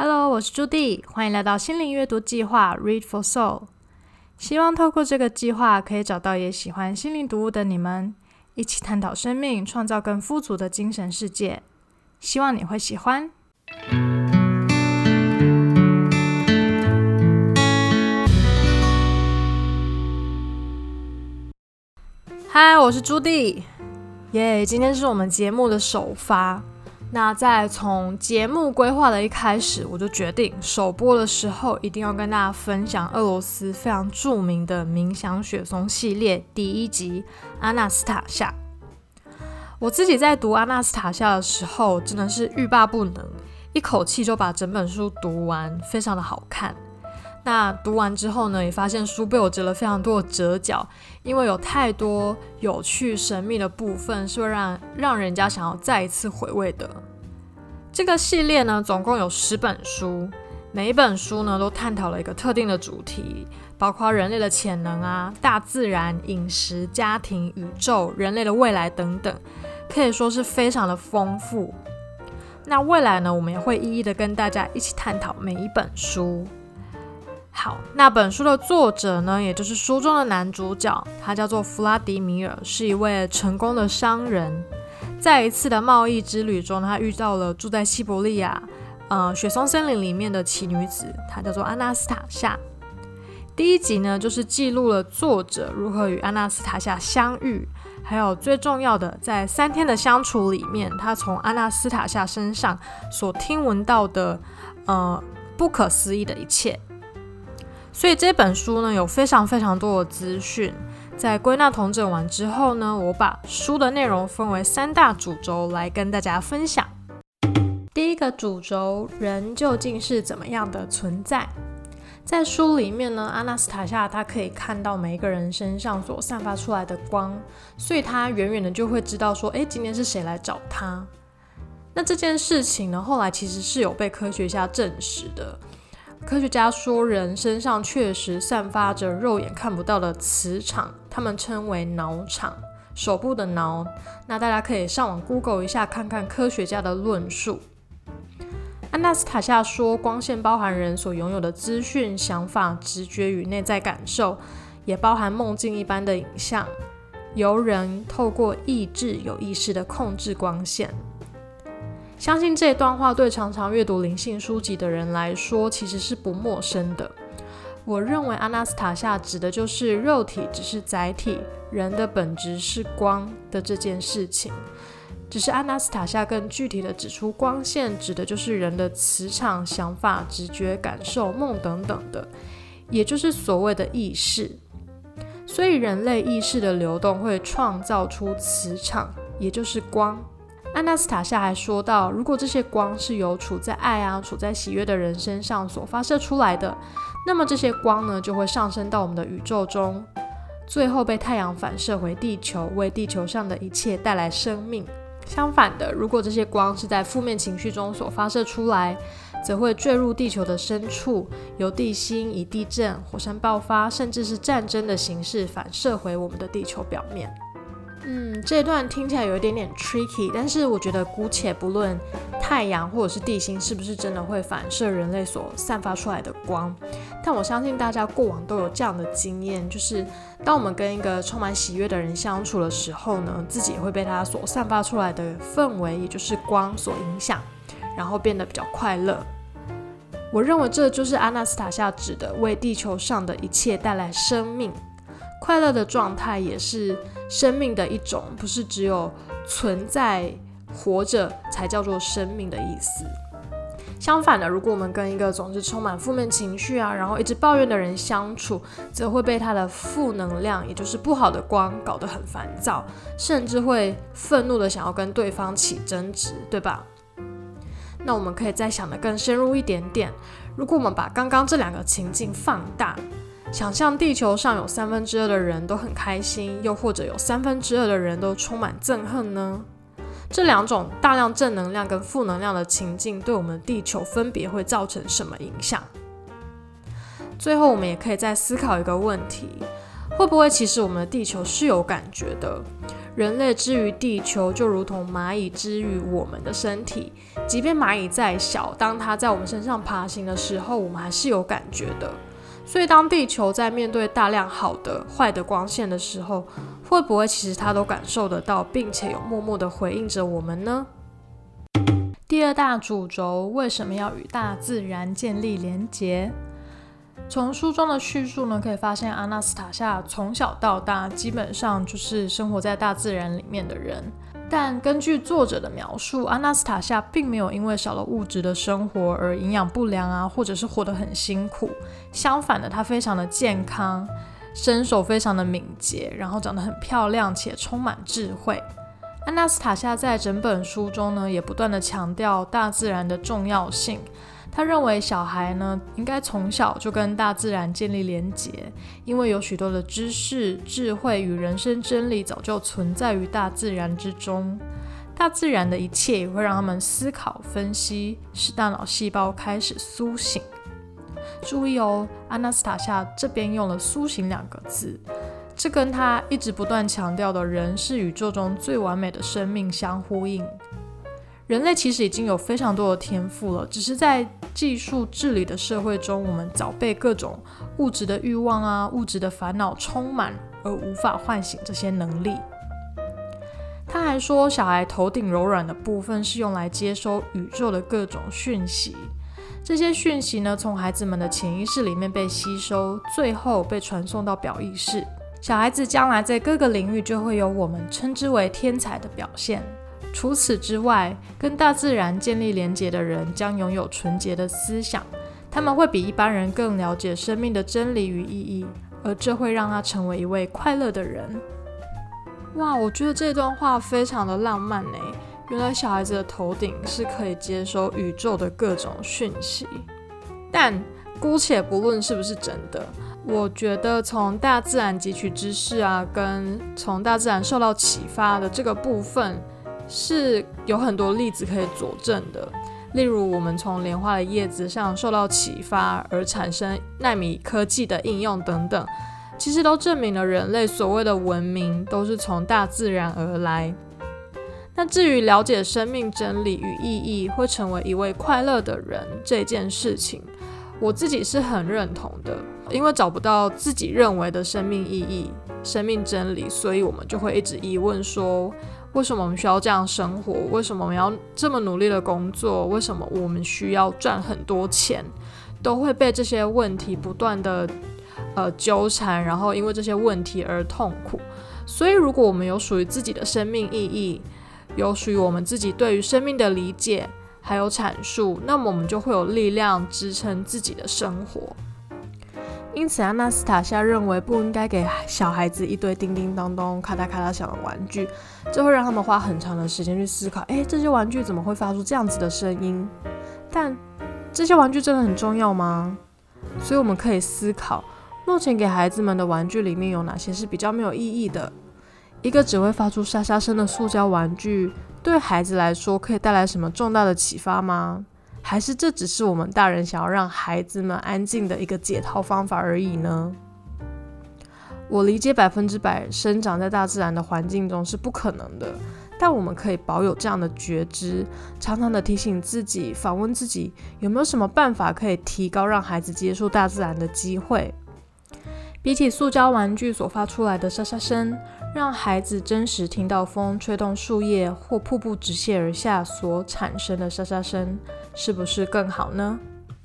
Hello，我是朱迪，歡迎來到心靈閱讀計劃 Read for Soul。希望透過這個計劃，可以找到也喜歡心靈讀物的你們，一起探討生命，創造更富足的精神世界。希望你會喜歡。Hi，我是朱迪，耶、yeah，今天是我們節目的首發。那在從節目規劃的一開始，我就決定首播的時候一定要跟大家分享俄羅斯非常著名的鳴響雪松系列第一集《阿納絲塔夏》。我自己在讀《阿納絲塔夏》的時候，真的是欲罷不能，一口氣就把整本書讀完，非常的好看。那讀完之後呢，也發現書被我折了非常多的折角，因為有太多有趣神秘的部分是會讓讓人家想要再一次回味的。這個系列呢，總共有十本書，每一本書呢都探討了一個特定的主題，包括人類的潛能啊、大自然、飲食、家庭、宇宙、人類的未來等等，可以說是非常的豐富。那未來呢，我們也會一一的跟大家一起探討每一本書。好，那本書的作者呢，也就是書中的男主角，他叫做弗拉迪米爾，是一位成功的商人。在一次的貿易之旅中，他遇到了住在西伯利亞，呃，雪松森林裡面的奇女子，她叫做阿納絲塔夏。第一集呢，就是記錄了作者如何與阿納絲塔夏相遇，還有最重要的，在三天的相處裡面，他從阿納絲塔夏身上所聽聞到的，呃，不可思議的一切。所以這本書呢，有非常非常多的資訊。在歸納統整完之後呢，我把書的內容分為三大主軸來跟大家分享。第一個主軸，人究竟是怎麼樣的存在？在書裡面呢，阿納斯塔夏他可以看到每一個人身上所散發出來的光，所以他遠遠的就會知道說，哎、欸，今天是誰來找他？那這件事情呢，後來其實是有被科學家證實的。科學家說，人身上確實散發着肉眼看不到的磁場，他們稱為腦場、手部的腦。那大家可以上網 Google 一下，看看科學家的論述。阿納絲塔夏說，光線包含人所擁有的資訊、想法、直覺與內在感受，也包含夢境一般的影像，由人透過意志有意識地控制光線。相信這段話對常常閱讀靈性書籍的人來說，其實是不陌生的。我認為阿納絲塔夏指的就是肉體只是載體，人的本質是光的這件事情。只是阿納絲塔夏更具體的指出，光線指的就是人的磁場、想法、直覺、感受、夢等等的，也就是所謂的意識。所以，人類意識的流動會創造出磁場，也就是光。阿納絲塔夏還說到，如果這些光是由處在愛啊、處在喜悅的人身上所發射出來的，那麼這些光呢，就會上升到我們的宇宙中，最後被太陽反射回地球，為地球上的一切帶來生命。相反的，如果這些光是在負面情緒中所發射出來，則會墜入地球的深處，由地心以地震、火山爆發，甚至是戰爭的形式反射回我們的地球表面。嗯，這一段聽起來有一點點 tricky，但是我覺得姑且不論太陽或者是地心是不是真的會反射人類所散發出來的光，但我相信大家過往都有這樣的經驗，就是當我們跟一個充滿喜悅的人相處的時候呢，自己也會被他所散發出來的氛圍，也就是光所影響，然後變得比較快樂。我認為這就是阿納絲塔夏指的為地球上的一切帶來生命。快樂的狀態也是生命的一種，不是只有存在活着才叫做生命的意思。相反的，如果我們跟一個總是充滿負面情緒啊，然後一直抱怨的人相處，則會被他的負能量，也就是不好的光搞得很煩躁，甚至會憤怒地想要跟對方起爭執，對吧？那我們可以再想得更深入一點點，如果我們把剛剛這兩個情境放大。想象地球上有三分之二的人都很開心，又或者有三分之二的人都充滿憎恨呢？這兩種大量正能量跟負能量的情境，對我們地球分別會造成什麼影響？最後，我們也可以再思考一個問題：會不會其實我們的地球是有感覺的？人類之於地球，就如同螞蟻之於我們的身體，即便螞蟻再小，當它在我們身上爬行的時候，我們還是有感覺的。所以，當地球在面對大量好的、壞的光線的時候，會不會其實它都感受得到，並且有默默的回應着我們呢？第二大主軸，為什麼要與大自然建立連結？從書中的敘述呢，可以發現阿納斯塔夏從小到大基本上就是生活在大自然裡面的人。但根據作者的描述，阿納斯塔夏並沒有因為少了物質的生活而營養不良啊，或者是活得很辛苦。相反的，她非常的健康，身手非常的敏捷，然後長得很漂亮且充滿智慧。阿納斯塔夏在整本書中呢，也不斷地強調大自然的重要性。他認為小孩呢，應該從小就跟大自然建立連結，因為有許多的知識、智慧與人生真理早就存在於大自然之中。大自然的一切也會讓他們思考、分析，使大腦細胞開始甦醒。注意哦，阿納絲塔夏這邊用了“甦醒”兩個字，這跟他一直不斷強調的人是宇宙中最完美的生命相呼應。人類其實已經有非常多的天賦了，只是在……技術治理的社會中，我們早被各種物質的慾望啊、物質的煩惱充滿，而無法喚醒這些能力。他還說，小孩頭頂柔軟的部分是用來接收宇宙的各種訊息，這些訊息呢，從孩子們的潛意識裡面被吸收，最後被傳送到表意識。小孩子將來在各個領域就會有我們稱之為天才的表現。除此之外，跟大自然建立連結的人將擁有純潔的思想，他們會比一般人更了解生命的真理與意義，而這會讓他成為一位快樂的人。哇，我覺得這段話非常的浪漫呢、欸。原來小孩子的頭頂是可以接收宇宙的各種訊息，但姑且不論是不是真的，我覺得從大自然汲取知識啊，跟從大自然受到啟發的這個部分。是有很多例子可以佐證的，例如我們從蓮花的葉子上受到啟發而產生納米科技的應用等等，其實都證明了人類所謂的文明都是從大自然而來。但至於了解生命真理與意義會成為一位快樂的人這件事情，我自己是很認同的，因為找不到自己認為的生命意義、生命真理，所以我們就會一直疑問說。為什麼我們需要這樣生活？為什麼我們要這麼努力的工作？為什麼我們需要賺很多錢？都會被這些問題不斷的呃糾纏，然後因為這些問題而痛苦。所以，如果我們有屬於自己的生命意義，有屬於我們自己對於生命的理解，還有闡述，那麼我們就會有力量支撐自己的生活。因此，阿納斯塔夏認為不應該給小孩子一堆叮叮噹噹、咔嗒咔嗒響的玩具，這會讓他們花很長的時間去思考：哎，這些玩具怎麼會發出這樣子的聲音？但這些玩具真的很重要嗎？所以我們可以思考，目前給孩子們的玩具裡面有哪些是比較沒有意義的？一個只會發出沙沙聲的塑膠玩具，對孩子來說可以帶來什麼重大的啟發嗎？還是這只是我們大人想要讓孩子們安靜的一個解套方法而已呢？我理解百分之百生長在大自然的環境中是不可能的，但我們可以保有這樣的覺知，常常的提醒自己，反問自己有沒有什麼辦法可以提高讓孩子接觸大自然的機會。比起塑膠玩具所發出來的沙沙聲。讓孩子真實聽到風吹動樹葉或瀑布直瀉而下所產生的沙沙聲，是不是更好呢？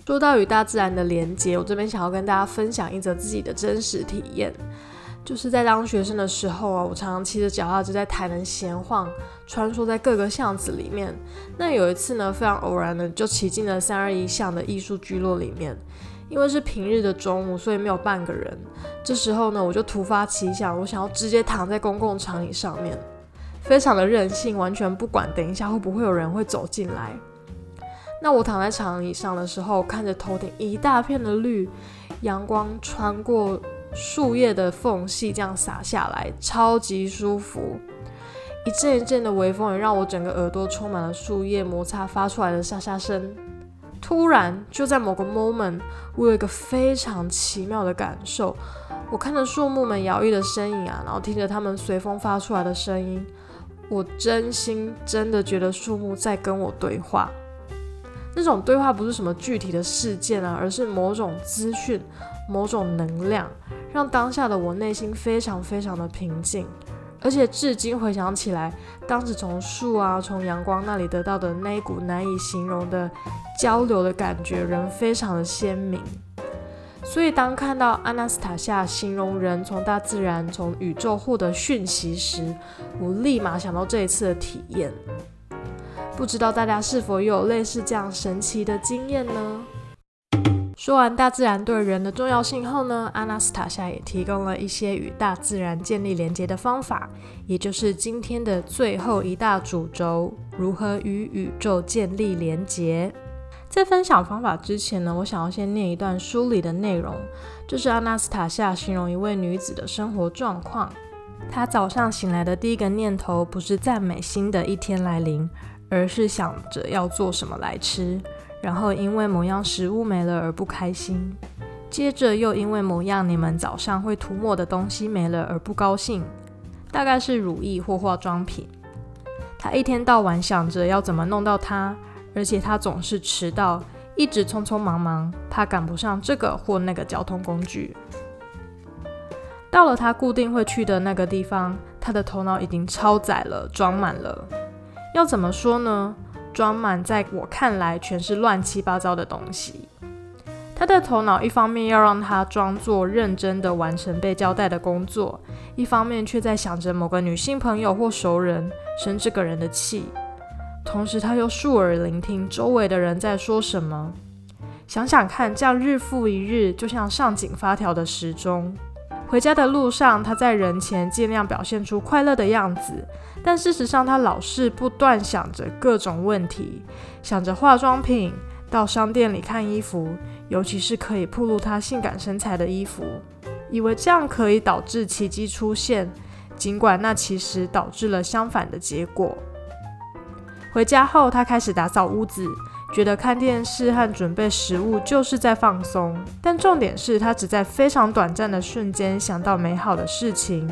說到與大自然的連接，我這邊想要跟大家分享一則自己的真實體驗，就是在當學生的時候啊，我常常騎着腳踏車在台南閒晃，穿梭在各個巷子裡面。那有一次呢，非常偶然的，就騎進了三二一巷的藝術聚落裡面。因為是平日的中午，所以沒有半個人。這時候呢，我就突發奇想，我想要直接躺在公共長椅上面，非常的任性，完全不管等一下會不會有人會走進來。那我躺在長椅上的時候，看着頭頂一大片的綠，陽光穿過樹葉的縫隙這樣灑下來，超級舒服。一陣一陣的微風也讓我整個耳朵充滿了樹葉摩擦發出來的沙沙聲。突然，就在某個 moment，我有一個非常奇妙的感受。我看着樹木們搖曳的身影啊，然後聽着它們隨風發出來的聲音，我真心真的覺得樹木在跟我對話。那種對話不是什麼具體的事件啊，而是某種資訊、某種能量，讓當下的我內心非常非常的平靜。而且至今回想起來，當時從樹啊，從陽光那裡得到的那一股難以形容的交流的感覺，仍非常的鮮明。所以，當看到阿納絲塔夏形容人從大自然、從宇宙獲得訊息時，我立馬想到這一次的體驗。不知道大家是否有類似這樣神奇的經驗呢？說完大自然對人的重要性後呢，阿納斯塔夏也提供了一些與大自然建立連接的方法，也就是今天的最後一大主軸——如何與宇宙建立連接。在分享方法之前呢，我想要先念一段書裡的內容，就是阿納斯塔夏形容一位女子的生活狀況：她早上醒來的第一個念頭不是讚美新的一天來臨，而是想着要做什麼來吃。然後因為某樣食物沒了而不開心，接着又因為某樣你們早上會塗抹的東西沒了而不高興，大概是乳液或化妝品。他一天到晚想着要怎麼弄到它，而且他總是遲到，一直匆匆忙忙，怕趕不上這個或那個交通工具。到了他固定會去的那個地方，他的頭腦已經超載了，裝滿了。要怎麼說呢？裝滿，在我看來全是亂七八糟的東西。他的頭腦一方面要讓他裝作認真的完成被交代的工作，一方面卻在想着某個女性朋友或熟人，生這個人的氣。同時，他又豎耳聆聽周圍的人在說什麼。想想看，這樣日復一日，就像上緊發條的時鐘。回家的路上，他在人前盡量表現出快樂的樣子，但事實上他老是不斷想着各種問題，想着化妝品，到商店裡看衣服，尤其是可以暴露他性感身材的衣服，以為這樣可以導致奇蹟出現，儘管那其實導致了相反的結果。回家後，他開始打掃屋子。覺得看電視和準備食物就是在放鬆，但重點是他只在非常短暫的瞬間想到美好的事情，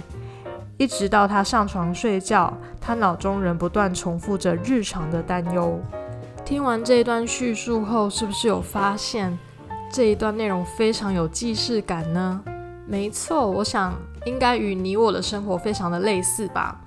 一直到他上床睡覺，他腦中仍不斷重複着日常的擔憂。聽完這一段敘述後，是不是有發現這一段內容非常有既視感呢？沒錯，我想應該與你我的生活非常的類似吧。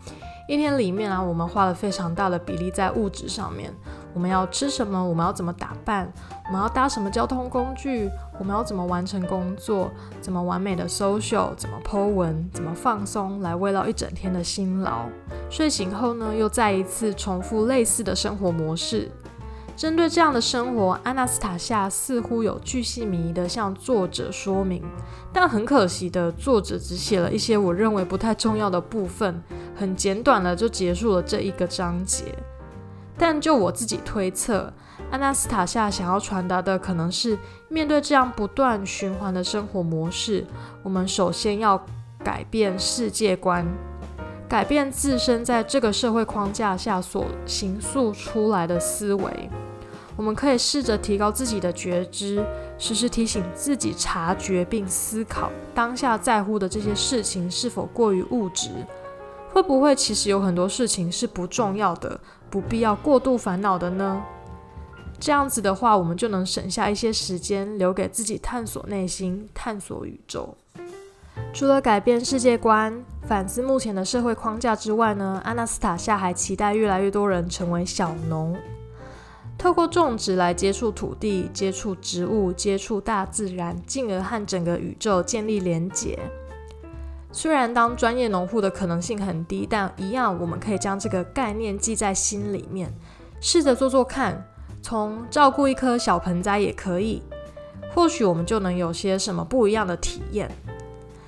一天裡面啊，我們花了非常大的比例在物質上面。我們要吃什麼？我們要怎麼打扮？我們要搭什麼交通工具？我們要怎麼完成工作？怎麼完美的 social？怎麼 po 文？怎麼放鬆？來慰勞一整天的辛勞。睡醒後呢，又再一次重複類似的生活模式。針對這樣的生活，阿納絲塔夏似乎有巨細靡遺的向作者說明，但很可惜的，作者只寫了一些我認為不太重要的部分，很簡短的就結束了這一個章節。但就我自己推測，阿納絲塔夏想要傳達的可能是：面對這樣不斷循環的生活模式，我們首先要改變世界觀，改變自身在這個社會框架下所形塑出來的思維。我們可以試着提高自己的覺知，時時提醒自己，察覺並思考當下在乎的這些事情是否過於物質，會不會其實有很多事情是不重要的。不必要過度煩惱的呢？這樣子的話，我們就能省下一些時間，留給自己探索內心、探索宇宙。除了改變世界觀、反思目前的社會框架之外呢，阿納斯塔夏還期待越來越多人成為小農，透過種植來接觸土地、接觸植物、接觸大自然，進而和整個宇宙建立連結。雖然當專業農戶的可能性很低，但一樣我們可以將這個概念記在心裡面，試着做做看。從照顧一棵小盆栽也可以，或許我們就能有些什麼不一樣的體驗。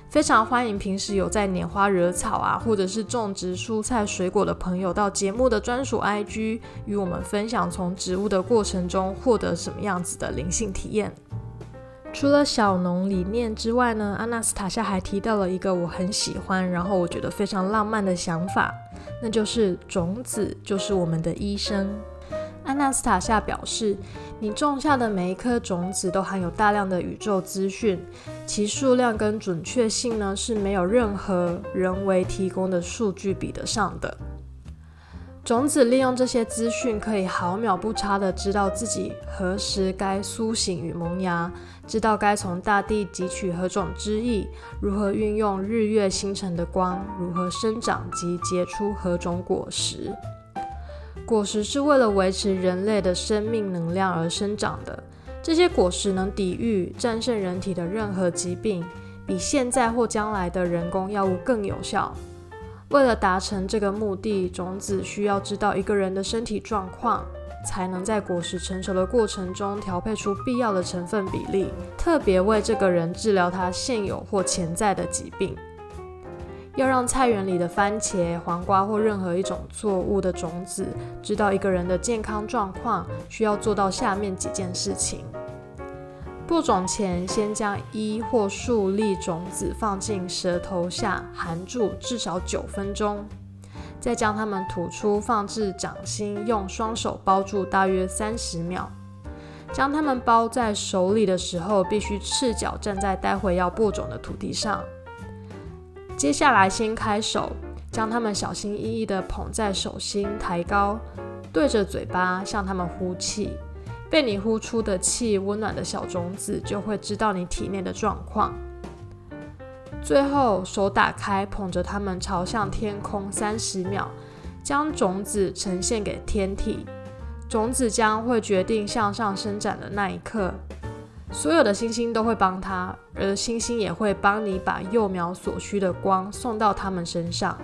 非常歡迎平時有在拈花惹草啊，或者是種植蔬菜水果的朋友，到節目的專屬 IG 與我們分享從植物的過程中獲得什麼樣子的靈性體驗。除了小農理念之外呢，阿納斯塔夏還提到了一個我很喜歡，然後我覺得非常浪漫的想法，那就是種子就是我們的醫生。阿納斯塔夏表示，你種下的每一顆種子都含有大量的宇宙資訊，其數量跟準確性呢，是沒有任何人為提供的數據比得上的。種子利用這些資訊，可以毫秒不差地知道自己何時該甦醒與萌芽，知道該從大地汲取何種之意，如何運用日月星辰的光，如何生長及結出何種果實。果實是為了維持人類的生命能量而生長的，這些果實能抵禦、戰勝人體的任何疾病，比現在或將來的人工藥物更有效。為了達成這個目的，種子需要知道一個人的身體狀況，才能在果實成熟的過程中調配出必要的成分比例，特別為這個人治療他現有或潛在的疾病。要讓菜園裡的番茄、黃瓜或任何一種作物的種子知道一個人的健康狀況，需要做到下面幾件事情。播種前，先將一或數粒種子放進舌頭下，含住至少九分鐘，再將它們吐出，放置掌心，用雙手包住大約三十秒。將它們包在手裡的時候，必須赤腳站在待會要播種的土地上。接下來，先開手，將它們小心翼翼地捧在手心，抬高，對着嘴巴，向它們呼氣。被你呼出的氣，溫暖的小種子就會知道你體內的狀況。最後，手打開，捧着它們朝向天空三十秒，將種子呈現給天體。種子將會決定向上伸展的那一刻，所有的星星都會幫它，而星星也會幫你把幼苗所需的光送到它們身上。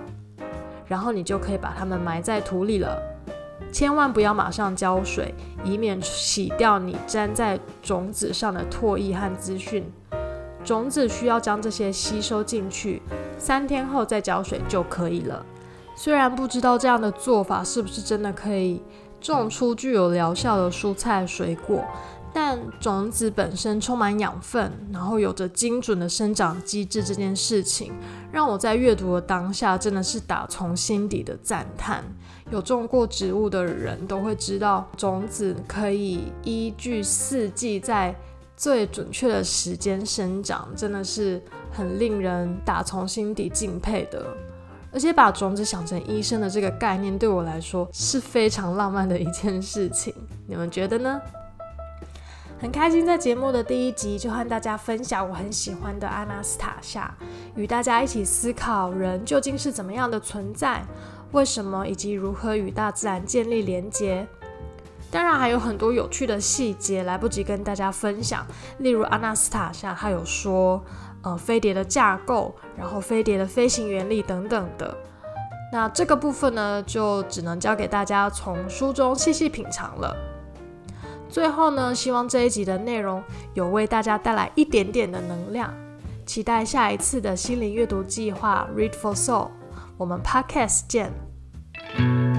然後你就可以把它們埋在土裡了。千萬不要馬上澆水，以免洗掉你粘在種子上的唾液和資訊。種子需要將這些吸收進去，三天後再澆水就可以了。雖然不知道這樣的做法是不是真的可以種出具有療效的蔬菜水果。但種子本身充滿養分，然後有着精準的生長機制，這件事情讓我在閱讀的當下真的是打從心底的讚嘆。有種過植物的人都會知道，種子可以依據四季在最準確的時間生長，真的是很令人打從心底敬佩的。而且把種子想成醫生的這個概念，對我來說是非常浪漫的一件事情。你們覺得呢？很開心，在節目的第一集就和大家分享我很喜歡的阿納絲塔夏，與大家一起思考人究竟是怎麼樣的存在，為什麼以及如何與大自然建立連接。當然還有很多有趣的細節來不及跟大家分享，例如阿納絲塔夏他有說，呃，飛碟的架構，然後飛碟的飛行原理等等的。那這個部分呢，就只能交給大家從書中細細品嘗了。最後呢，希望這一集的內容有為大家帶來一點點的能量。期待下一次的心靈閱讀計劃 （Read for Soul），我們 Podcast 見。